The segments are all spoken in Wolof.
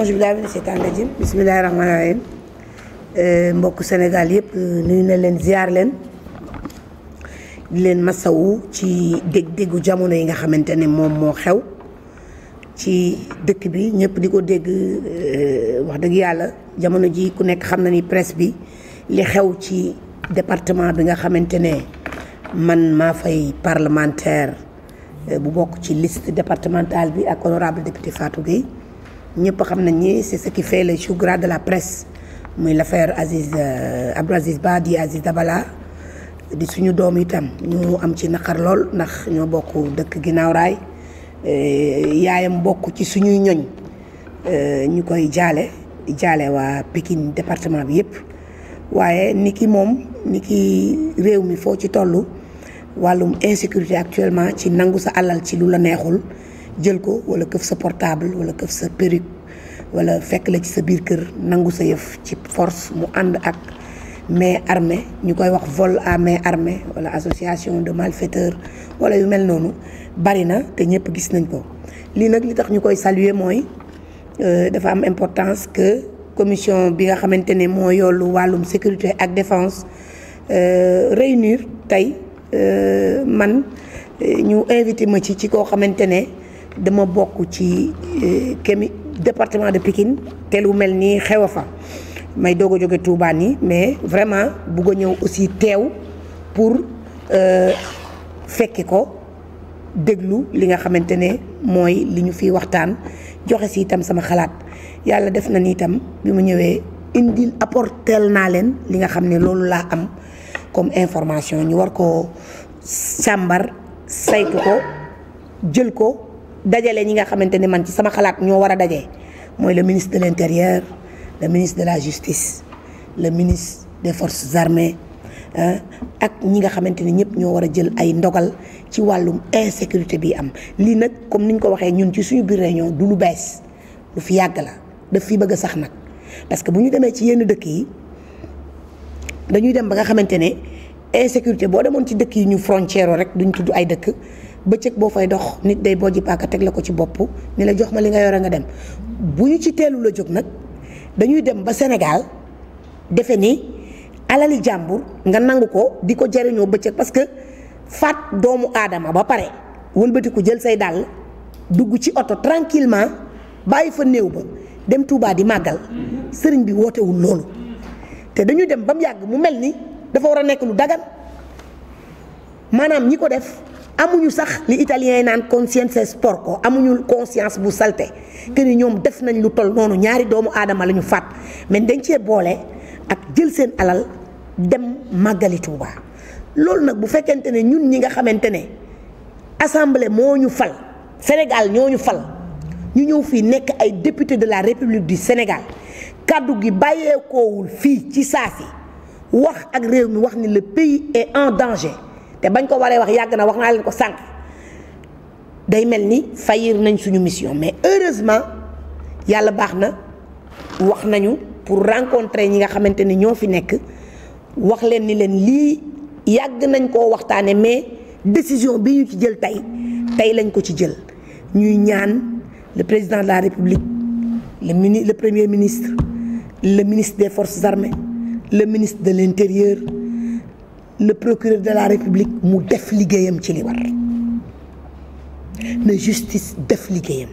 auzu billaahi mina seytaani rajiim bismillaahi rahmaani rahiim euh, mbokk Sénégal yëpp euh, nuyu na leen ziar leen di leen masawu ci dégg-déggu jamono yi nga xamante ne moom moo xew ci dëkk bi ñëpp di ko dégg euh, wax dëgg yàlla jamono ji ku nekk xam na ni presse bi li xew ci département bi nga xamante ne man maa fay parlementaire bu bokk ci liste départementale bi ak honorable député Fatou Gueye ñëpp xam nañ ni c'est ce qui fait le chou gras de la presse muy l'affaire Aziz euh, Abdou Aziz Ba di Aziz Dabala di suñu doom itam ñu am ci naqar lool ndax ñoo bokk dëkk ginnaaw raay euh, yaayam bokk ci suñuy ñoñ euh, ñu koy jaale jaale waa Pikine département bi yëpp waaye ni ki moom ni ki réew mi foo ci toll wàllum insécurité actuellement ci nangu sa alal ci lu la neexul jël ko wala këf sa portable wala këf sa perruque wala fekk la ci sa biir kër nangu sa yëf ci force mu ànd ak mais armée ñu koy wax vol à main armée wala association de malfaiteurs wala yu mel noonu bari na te ñëpp gis nañ ko lii nag li tax ñu koy saluer mooy euh, dafa am importance que commission bi nga xamante ne moo yoolu wàllum sécurité ak defence euh, réunir tey euh, man ñu invité ma ci ci koo xamante ne dama bokk ci euh, kémi département de Pikine te lu mel nii xew a fa may doog a jóge Touba nii mais vraiment bugg ñëw aussi teew pour euh, fekke ko déglu li nga xamante ne mooy li ñu fi waxtaan joxe si itam sama xalaat yàlla def na ni itam bi mu ñëwee indil apporteel naa leen li nga xam ne loolu laa am comme information ñu war ko sàmbar saytu ko jël ko dajale ñi nga xamante ne man ci sama xalaat ñoo war a daje mooy le ministre de l'intérieur le ministre de la justice le ministre des forces armées ak ñi nga xamante ne ñëpp ñoo war a jël ay ndogal ci wàllum insécurité bi am lii nag comme ni niñ ko waxee ñun ci suñu biir région du lu bees lu fi yàgg la daf fi bëgg a sax nag parce que bu ñu demee ci yenn dëkk yi dañuy dem ba nga xamante ne insécurité boo demoon ci dëkk yi ñu frontière rek duñu tudd ay dëkk bëccëg boo fay dox nit day bojji paaka teg la ko ci bopp ni la jox ma li nga yore nga dem bu ñu ci teelu la jóg nag dañuy dem ba Sénégal defe ni alali jàmbur nga nangu ko di ko jariñoo bëccëg parce que faat doomu aadama ba pare wëlbati ko jël say dàll dugg ci oto tranquillement bàyyi fa néew ba dem tuubaa di màggal sëriñ bi wootewul loolu te dañuy dem ba mu yàgg mu mel ni dafa war a nekk lu dagan maanaam ñi ko def amuñu sax li italien yi naan conscience sport ko amuñu conscience bu salte que yi ñoom def nañ lu toll noonu ñaari doomu aadama la ñu faat mais dañ cee boole ak jël seen alal dem màggali Tuuba loolu nag bu fekkente ne ñun ñi nga xamante ne assemblée moo ñu fal Sénégal ñoo ñu fal ñu ñëw fii nekk ay député de la République du Sénégal kàddu gi bàyyeekoowul fii ci saa si wax ak réew mi wax ni le pays est en danger te bañ ko waree wax yàgg na wax naa leen ko sànq day mel ni fayir nañ suñu mission mais heureusement yàlla baax na wax nañu pour rencontrer ñi nga xamante ni ñoo fi nekk wax leen ni leen lii yàgg nañ koo waxtaane mais décision bi ñu ci jël tey tey lañ ko ci jël ñuy ñaan le président de la république le mini le premier ministre le ministre des forces armées le ministre de l'intérieur le procureur de la république mu def liggéeyam ci li war na justice def liggéeyam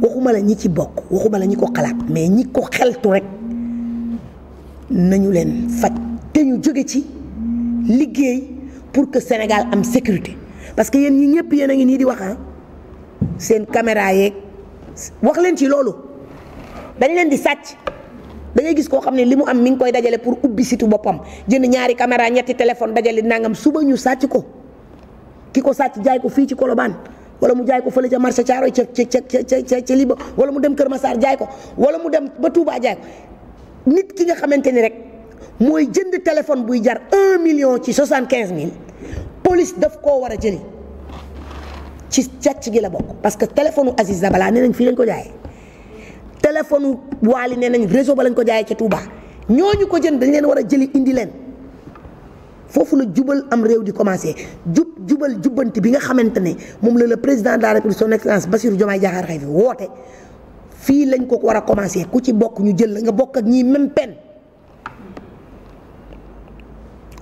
waxuma la ñi ci bokk waxuma la ñi ko xalaat mais ñi ko xeltu rek nañu leen faj te ñu jóge ci liggéey pour que Sénégal am sécurité parce que yéen ñi ñëpp yéen a ngi nii di wax ah, seen caméra yeeg wax leen ci loolu dañ leen di sàcc. da gis koo xam ne li mu am mi ngi koy dajale pour ubbi situ boppam jënd ñaari caméra ñetti téléphone dajale nangam suba ñu sàcc ko ki ko sàcc jaay ko fii ci Colobane wala mu jaay ko fële ca marché Thiaroye ca ca ca ca ca Liba wala mu dem Kër Massar jaay ko wala mu dem ba Touba jaay ko nit ki nga xamante ni rek mooy jënd téléphone buy jar 1 million ci 75000 police daf koo war a jëli ci càcc gi la bokk parce que téléphone u Aziz Dabala nee nañ fii lañ ko jaayee. téléphone waali ne nañu réseau ba lañ ko jaayee ca ñoo ñu ko jën dañ leen war a jëli indi leen foofu la jubal am réew di commencé jub jubal jubbanti bi nga xamante ne moom la le président de la république ba excellence Bassirou Diomaye Diakhar Faye woote fii lañ ko war a commencé ku ci bokk ñu jël la nga bokk ak ñii même peine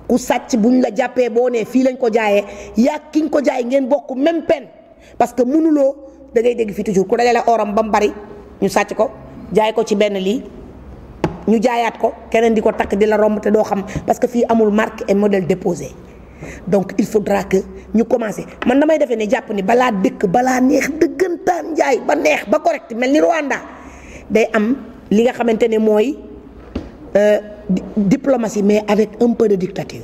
ku sàcc buñ la jàppee boo nee fii lañ ko jaayee yaa ki nga ko jaay ngeen bokk même peine parce que mënuloo da ngay dégg fii toujours ku dajale ba mu bari ñu sàcc ko jaay ko ci benn lii ñu jaayaat ko keneen di ko takk di la romb te doo xam parce que fii amul marque et modèle déposé donc il faut que ñu commencer man damay defee ne jàpp ni balaa dëkk balaa neex dëggantaan njaay ba neex ba correct mel ni Rwanda day am li nga xamante ne mooy euh, diplomatie mais avec un peu dictature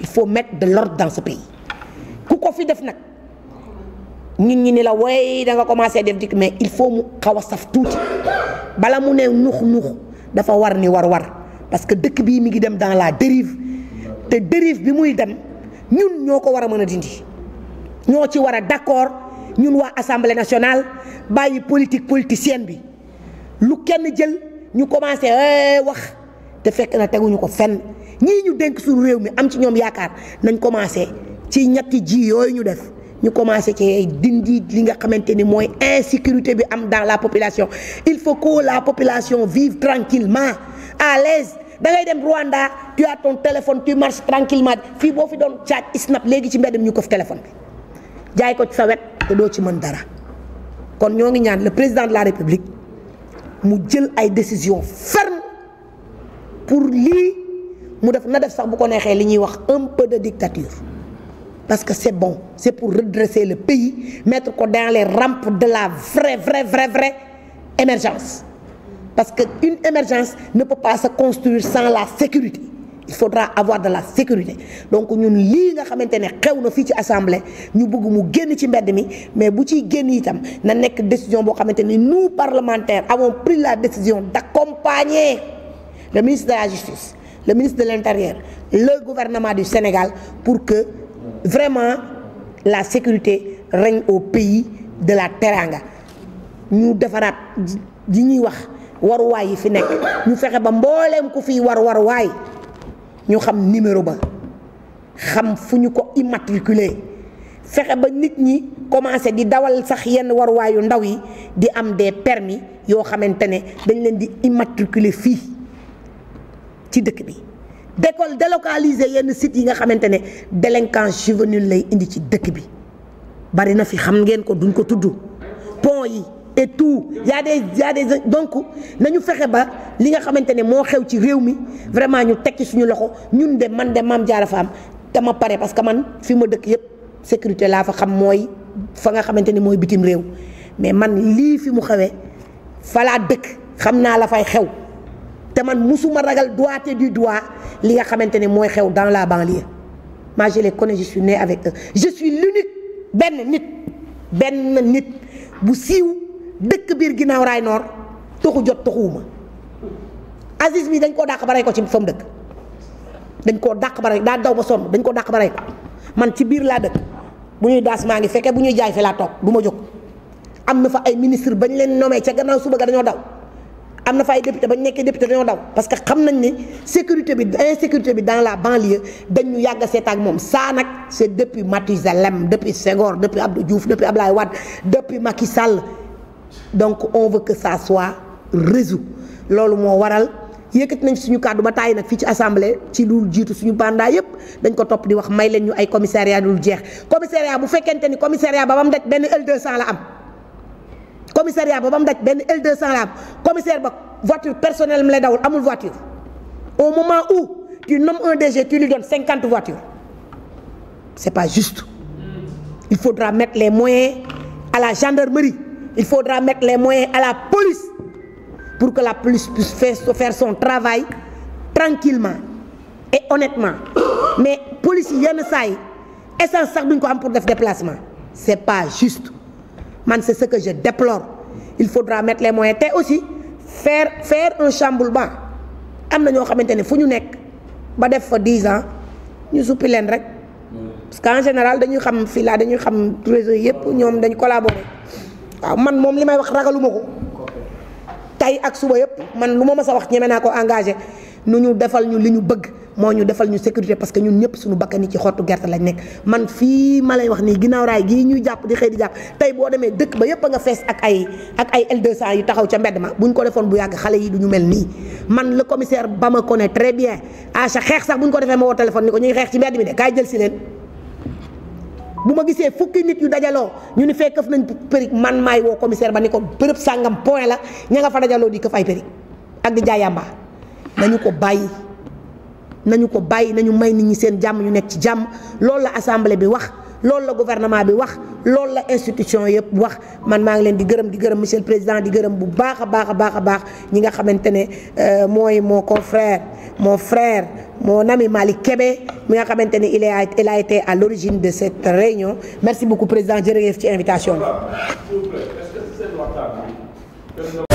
il faut mettre de l'ordre dans ce pays ku ko fi def nag. ñun ñi ni la way da nga commencé def dikk mais il faut mu xaw a saf tuuti bala mu ne nux nux dafa war ni war war parce que dëkk bii mi ngi dem dans la dérive te dérive bi muy dem ñun ñoo ko war a mën a dindi ñoo ci war a d'accord ñun waa assemblée nationale bàyyi politique politicienne bi lu kenn jël ñu commencé eh, wax te fekk na teguñu ko fenn ñii ñu dénk suñu réew mi am ci ñoom yaakaar nañ commencé ci ñetti ji yooyu ñu def ñu commencé ci dindi li nga xamante ni mooy insécurité bi am dans la population il faut que la population vive tranquillement à l'aise da ngay dem Rwanda tu as ton téléphone tu marches tranquillement fii boo fi doon caaj snap léegi ci mbedd mi ñu ko fi téléphone bi jaay ko ci sa wet te doo ci mën dara kon ñoo ngi ñaan le président de la république mu jël ay décision ferme pour lii mu def na def sax bu ko neexee li ñuy wax un peu de dictature parce que c'est bon c'est pour redresser le pays mettre ko dans les rampes de la vraie vraie vrai vraie émergence parce que une émergence ne peut pas se construire sans la sécurité il faudra avoir de la sécurité donc ñun lii nga xamante ne xew na fii ci assemblée ñu bugg mu génn ci mbedd mi mais bu ciy génn itam na nekk décision boo xamante ni nous parlementaires avons pris la décision d'accompagner le ministre de la justice le ministre de l'intérieur le gouvernement du Sénégal vraiment la sécurité règne au pays de la teranga ñu defaraat li ñuy wax waruwaay yi fi nekk ñu fexe ba mbooleem ku fiy war waruwaay ñu xam numéro ba xam fu ñu ko immatriculé fexe ba nit ñi commencé di dawal sax yenn waruwaay yu ndaw yi di am des permis yoo xamante ne dañ leen di immatriculé fii ci dëkk bi décole décolle délocaliser yenn sites yi nga xamante ne délinquance juvénile lay indi ci dëkk bi bari na fi xam ngeen ko duñ ko tudd pont yi te tout y a des y donc nañu fexe ba li nga xamante ne moo xew ci réew mi vraiment ñu tekki suñu loxo ñun de man de maam jaara faam dama pare parce que man fi ma dëkk yëpp sécurité laa fa xam mooy fa nga xamante ni mooy bitim réew mais man lii fi mu xewee falaat dëkk xam naa la fay xew te man musuma ragal doigté du doigt li nga xamante ne mooy xew dans la banlieue moi je les connais je suis né avec eux je benn nit benn nit bu siiw dëkk biir ginnaaw raay noor toxu jot toxuwuma Aziz mi dañ koo dàq ba rey ko ci fa dëkk dañ koo dàq ba rey daa daw ba sonn dañ koo dàq ba rey man ci biir laa dëkk bu ñuy daas maa ngi fekkee bu ñuy jaay fi laa toog du ma jóg am na fa ay ministre bañ leen nommé ca gannaaw suba ga dañoo daw am na fa ay député ba ñu nekkee député dañoo daw parce que xam nañ ne sécurité bi sécurité bi dans la banlieue dañu yàgg a seet ak moom saa nag c' est depuis Mathusalem depuis Senghor depuis Abdou Diouf depuis Abdoulaye Wade depuis Macky Sall donc on veut que ça soit résolu loolu moo waral yëkkati nañ suñu kàddu ba tàyyi nag fii ci assemblée ci lu jiitu suñu mandat yépp dañ ko topp di wax may leen ñu ay commissariat lu jeex commissariat bu fekkente ni commissariat ba bam daj benn L200 la am. commissariat ba ba mu daj benn L200 la am commissaire ba voiture personnelle mu lay dawul amul voiture au moment où tu nommes un DG tu lui donnes cinquante voitures c'est pas juste il faudra mettre les moyens à la gendarmerie il faudra mettre les moyens à la police pour que la police puisse faire son travail tranquillement et honnêtement mais police yi yenn saa yi essence sax duñ ko am pour def déplacement c'est pas juste man c'est ce que je déplore il faudra mettre les moyens te aussi fair faire un chamboulement am na ñoo xamante ne fu ñu nekk ba def fa 10 ans ñu suppi leen rek parce que en général dañuy xam fii dañuy xam réseau yëpp ñoom dañ collaborer waaw man moom li may wax ragaluma ko tey ak suba yëpp man lu ma mës a wax ñeme naa ko engagé nu ñu defal ñu li ñu bëgg. moo ñu defal ñu sécurité parce que ñun ñëpp suñu bakkani ci xottu gerte lañ nekk man fii ma lay wax nii ginnaaw raay gii ñuy jàpp di xëy di jàpp tey boo demee dëkk ba yëpp a nga fees ak ay ak ay l yu taxaw ca mbedd ma bu ñu ko defoon bu yàgg xale yi du ñu mel nii man la commissaire ba ma connaît très bien acha xeex sax bu ñu ko defee ma woo téléphone ni ko ñu ngi xeex ci mbedd mi de kaay jël si leen bu ma gisee fukki nit yu dajaloo ñu ni fekk këf nañ përik man maay woo commissaire ba ni ko bërëb sàngam point la ña nga fa dajaloo di këf ay përik ak di jaay yàmba nañu ko bàyyi nañu ko bàyyi nañu may nit ñi seen jàmm ñu nekk ci jàmm lool la assemblée bi wax loolu la gouvernement bi wax loolu la institution yëpp wax man maa ngi leen di gërëm di gërëm monsieur le président di gërëm bu baax a baax a baax a baax ñi nga xamante ne euh, mooy mon confrère moo frère moo nami Malick Kébé mi nga xamante ne il est il a été à l'origine de cette réunion merci beaucoup président yef ci invitation bi.